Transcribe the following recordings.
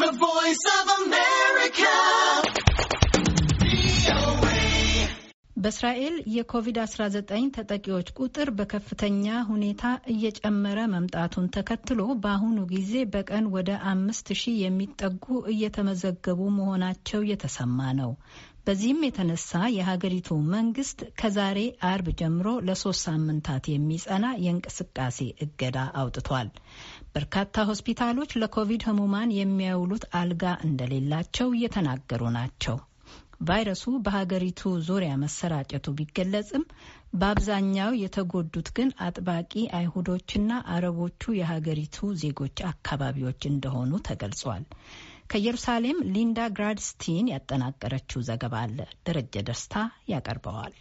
The Voice of America. በእስራኤል የኮቪድ-19 ተጠቂዎች ቁጥር በከፍተኛ ሁኔታ እየጨመረ መምጣቱን ተከትሎ በአሁኑ ጊዜ በቀን ወደ አምስት ሺህ የሚጠጉ እየተመዘገቡ መሆናቸው የተሰማ ነው። በዚህም የተነሳ የሀገሪቱ መንግስት ከዛሬ አርብ ጀምሮ ለሶስት ሳምንታት የሚጸና የእንቅስቃሴ እገዳ አውጥቷል። በርካታ ሆስፒታሎች ለኮቪድ ህሙማን የሚያውሉት አልጋ እንደሌላቸው እየተናገሩ ናቸው። ቫይረሱ በሀገሪቱ ዙሪያ መሰራጨቱ ቢገለጽም በአብዛኛው የተጎዱት ግን አጥባቂ አይሁዶችና አረቦቹ የሀገሪቱ ዜጎች አካባቢዎች እንደሆኑ ተገልጿል። ከኢየሩሳሌም ሊንዳ ግራድስቲን ያጠናቀረችው ዘገባ አለ። ደረጀ ደስታ ያቀርበዋል።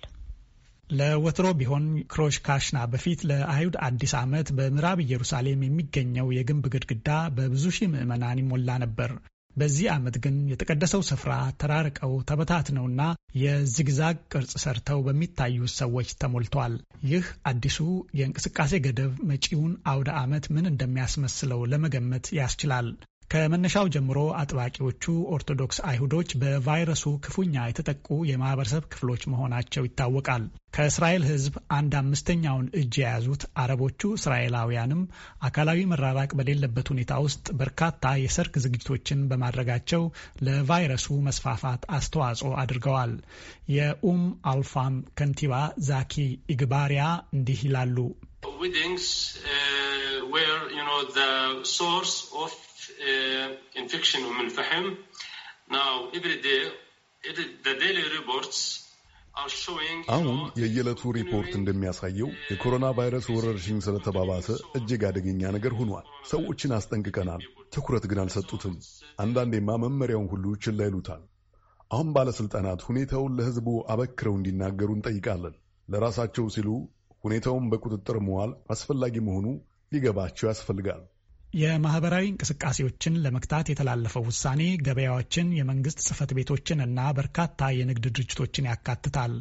ለወትሮ ቢሆን ክሮሽ ካሽና በፊት ለአይሁድ አዲስ ዓመት በምዕራብ ኢየሩሳሌም የሚገኘው የግንብ ግድግዳ በብዙ ሺህ ምዕመናን ይሞላ ነበር። በዚህ ዓመት ግን የተቀደሰው ስፍራ ተራርቀው ተበታትነውና የዚግዛግ ቅርጽ ሰርተው በሚታዩ ሰዎች ተሞልቷል። ይህ አዲሱ የእንቅስቃሴ ገደብ መጪውን አውደ ዓመት ምን እንደሚያስመስለው ለመገመት ያስችላል። ከመነሻው ጀምሮ አጥባቂዎቹ ኦርቶዶክስ አይሁዶች በቫይረሱ ክፉኛ የተጠቁ የማህበረሰብ ክፍሎች መሆናቸው ይታወቃል። ከእስራኤል ሕዝብ አንድ አምስተኛውን እጅ የያዙት አረቦቹ እስራኤላውያንም አካላዊ መራራቅ በሌለበት ሁኔታ ውስጥ በርካታ የሰርግ ዝግጅቶችን በማድረጋቸው ለቫይረሱ መስፋፋት አስተዋጽኦ አድርገዋል። የኡም አልፋም ከንቲባ ዛኪ ኢግባሪያ እንዲህ ይላሉ። uh, infection of al-fahm. Now, every day, the daily reports አሁን የየዕለቱ ሪፖርት እንደሚያሳየው የኮሮና ቫይረስ ወረርሽኝ ስለተባባሰ እጅግ አደገኛ ነገር ሆኗል። ሰዎችን አስጠንቅቀናል፣ ትኩረት ግን አልሰጡትም። አንዳንዴማ መመሪያውን ሁሉ ችላ ይሉታል። አሁን ባለሥልጣናት ሁኔታውን ለሕዝቡ አበክረው እንዲናገሩ እንጠይቃለን። ለራሳቸው ሲሉ ሁኔታውን በቁጥጥር መዋል አስፈላጊ መሆኑ ሊገባቸው ያስፈልጋል። የማህበራዊ እንቅስቃሴዎችን ለመግታት የተላለፈው ውሳኔ ገበያዎችን፣ የመንግስት ጽህፈት ቤቶችን እና በርካታ የንግድ ድርጅቶችን ያካትታል።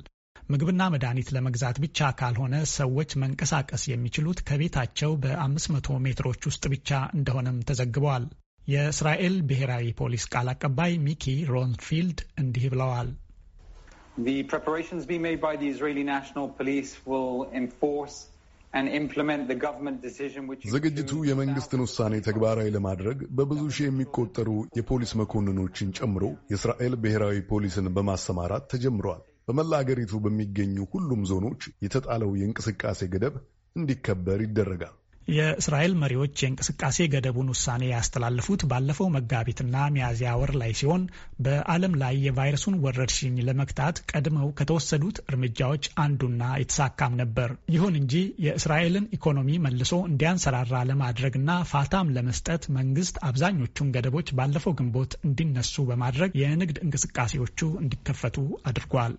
ምግብና መድኃኒት ለመግዛት ብቻ ካልሆነ ሰዎች መንቀሳቀስ የሚችሉት ከቤታቸው በ500 ሜትሮች ውስጥ ብቻ እንደሆነም ተዘግበዋል። የእስራኤል ብሔራዊ ፖሊስ ቃል አቀባይ ሚኪ ሮንፊልድ እንዲህ ብለዋል። The preparations being made by the Israeli National Police will enforce ዝግጅቱ የመንግስትን ውሳኔ ተግባራዊ ለማድረግ በብዙ ሺህ የሚቆጠሩ የፖሊስ መኮንኖችን ጨምሮ የእስራኤል ብሔራዊ ፖሊስን በማሰማራት ተጀምረዋል። በመላ አገሪቱ በሚገኙ ሁሉም ዞኖች የተጣለው የእንቅስቃሴ ገደብ እንዲከበር ይደረጋል። የእስራኤል መሪዎች የእንቅስቃሴ ገደቡን ውሳኔ ያስተላለፉት ባለፈው መጋቢትና ሚያዝያ ወር ላይ ሲሆን በዓለም ላይ የቫይረሱን ወረርሽኝ ለመግታት ቀድመው ከተወሰዱት እርምጃዎች አንዱና የተሳካም ነበር። ይሁን እንጂ የእስራኤልን ኢኮኖሚ መልሶ እንዲያንሰራራ ለማድረግና ፋታም ለመስጠት መንግስት አብዛኞቹን ገደቦች ባለፈው ግንቦት እንዲነሱ በማድረግ የንግድ እንቅስቃሴዎቹ እንዲከፈቱ አድርጓል።